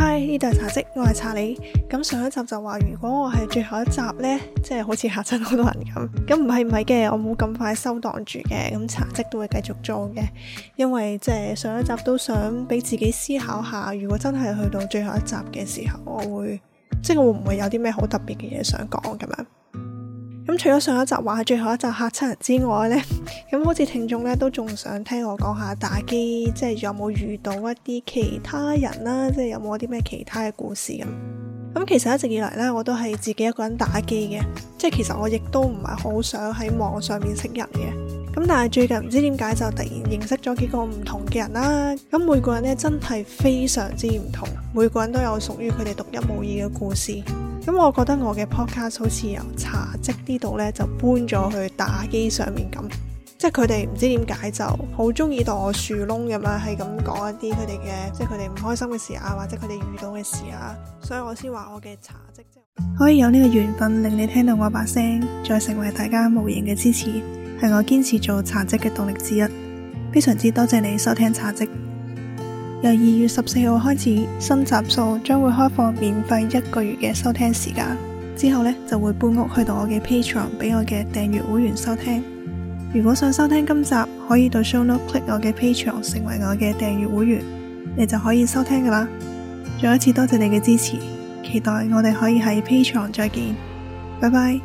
Hi，呢度係茶嘖，我係查理。咁上一集就話，如果我係最後一集呢，即係好似吓親好多人咁。咁唔係唔係嘅，我冇咁快收檔住嘅。咁茶嘖都會繼續做嘅，因為即係上一集都想俾自己思考下，如果真係去到最後一集嘅時候，我會，即係會唔會有啲咩好特別嘅嘢想講咁樣。咁除咗上一集話係最後一集嚇親人之外呢，咁 好似聽眾呢都仲想聽我講下打機，即係有冇遇到一啲其他人啦，即係有冇啲咩其他嘅故事咁。咁其實一直以嚟咧，我都係自己一個人打機嘅，即係其實我亦都唔係好想喺網上面識人嘅。咁但係最近唔知點解就突然認識咗幾個唔同嘅人啦。咁每個人咧，真係非常之唔同，每個人都有屬於佢哋獨一無二嘅故事。咁我覺得我嘅 Podcast 好似由茶嘖呢度咧就搬咗去打機上面咁。即係佢哋唔知點解就好中意當我樹窿咁啊，係咁講一啲佢哋嘅，即係佢哋唔開心嘅事啊，或者佢哋遇到嘅事啊。所以我先話我嘅茶嘖，就是，可以有呢個緣分令你聽到我把聲，再成為大家無形嘅支持，係我堅持做茶嘖嘅動力之一。非常之多謝你收聽茶嘖。由二月十四號開始，新集數將會開放免費一個月嘅收聽時間，之後呢就會搬屋去到我嘅 Patreon 俾我嘅訂閱會員收聽。如果想收聽今集，可以到 ShowNote click 我嘅 Patreon 成為我嘅訂閱會員，你就可以收聽㗎喇。再一次多謝你嘅支持，期待我哋可以喺 Patreon 再見，拜拜。